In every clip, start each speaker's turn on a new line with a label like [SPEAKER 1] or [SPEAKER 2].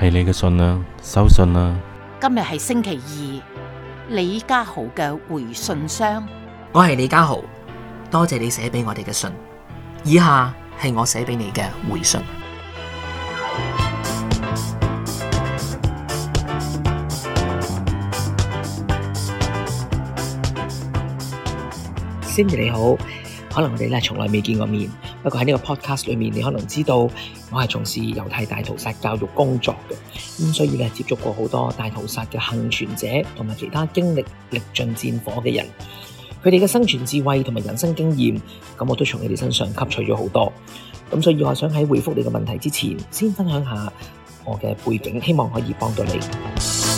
[SPEAKER 1] 係你嘅信啦，收信啦。今日係星期二，李家豪嘅回信箱。我係李家豪，多謝你寫俾我哋嘅信。以下係我寫俾你嘅回信。Cindy 你好，可能我哋咧從來未見過面。不過喺呢個 podcast 裏面，你可能知道我係從事猶太大屠殺教育工作嘅，咁所以咧接觸過好多大屠殺嘅幸存者同埋其他經歷歷盡戰火嘅人，佢哋嘅生存智慧同埋人生經驗，咁我都從佢哋身上吸取咗好多。咁所以我係想喺回覆你嘅問題之前，先分享下我嘅背景，希望可以幫到你。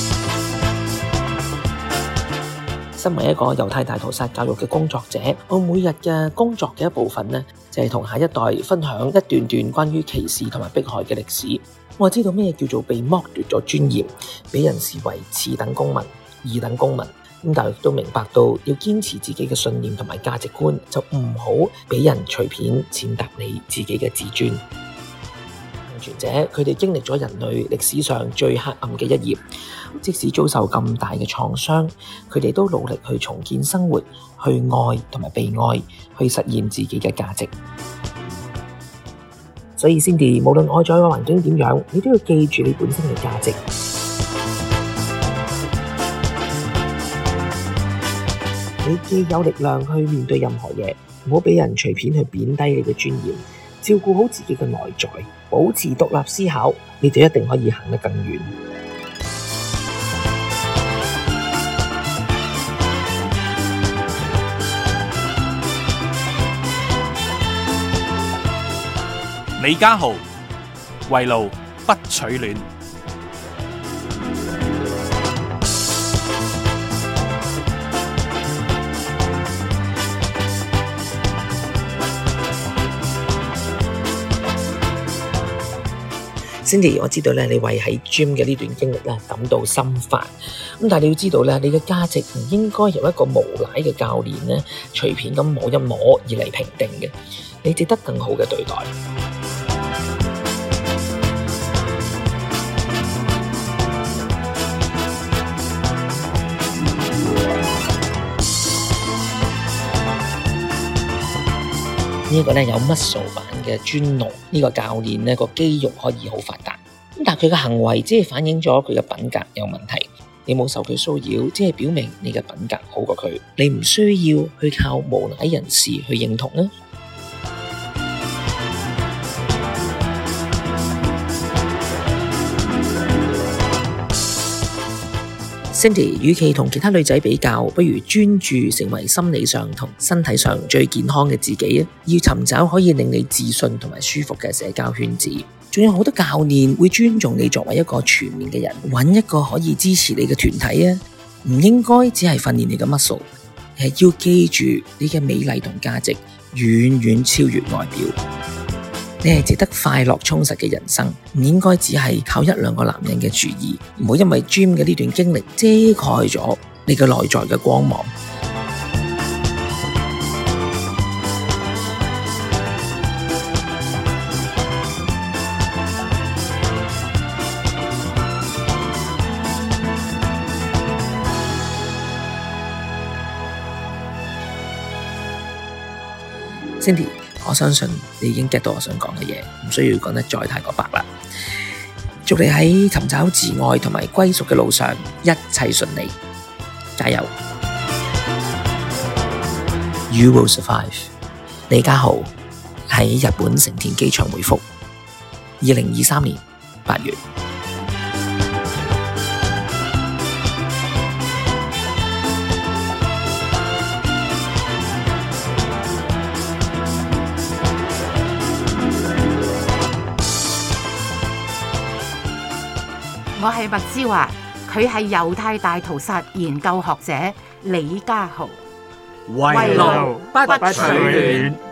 [SPEAKER 1] 身為一個猶太大屠殺教育嘅工作者，我每日嘅工作嘅一部分呢，就係、是、同下一代分享一段段關於歧視同埋迫害嘅歷史。我知道咩叫做被剝奪咗尊嚴，俾人視為次等公民、二等公民。咁但亦都明白到要堅持自己嘅信念同埋價值觀，就唔好俾人隨便踐踏你自己嘅自尊。者佢哋經歷咗人類歷史上最黑暗嘅一頁，即使遭受咁大嘅創傷，佢哋都努力去重建生活，去愛同埋被愛，去實現自己嘅價值。所以，Cindy，無論外在嘅環境點樣，你都要記住你本身嘅價值。你既有力量去面對任何嘢，唔好俾人隨便去貶低你嘅尊嚴。照顧好自己嘅內在，保持獨立思考，你就一定可以行得更遠。李家豪，圍爐不取暖。Cindy，我知道咧，你為喺 Gym 嘅呢段經歷咧感到心煩。咁但係你要知道咧，你嘅價值唔應該由一個無賴嘅教練咧，隨便咁摸一摸而嚟評定嘅。你值得更好嘅對待。呢個咧有乜數啊？嘅尊龍呢個教練呢個肌肉可以好發達，咁但係佢嘅行為即係反映咗佢嘅品格有問題。你冇受佢騷擾，即係表明你嘅品格好過佢。你唔需要去靠無賴人士去認同啊。Cindy，與其同其他女仔比較，不如專注成為心理上同身體上最健康嘅自己啊。要尋找可以令你自信同埋舒服嘅社交圈子。仲有好多教練會尊重你作為一個全面嘅人，揾一個可以支持你嘅團體啊！唔應該只係訓練你嘅 muscle，係要記住你嘅美麗同價值遠遠超越外表。你係值得快樂充實嘅人生，唔應該只係靠一兩個男人嘅注意，唔好因為 gym 嘅呢段經歷遮蓋咗你嘅內在嘅光芒。Cindy。我相信你已經 get 到我想講嘅嘢，唔需要講得再太多白啦。祝你喺尋找自愛同埋歸屬嘅路上一切順利，加油！You will survive。李家豪喺日本成田機場回覆，二零二三年八月。我係麥之華，佢係猶太大屠殺研究學者李家豪，
[SPEAKER 2] 圍爐不取暖。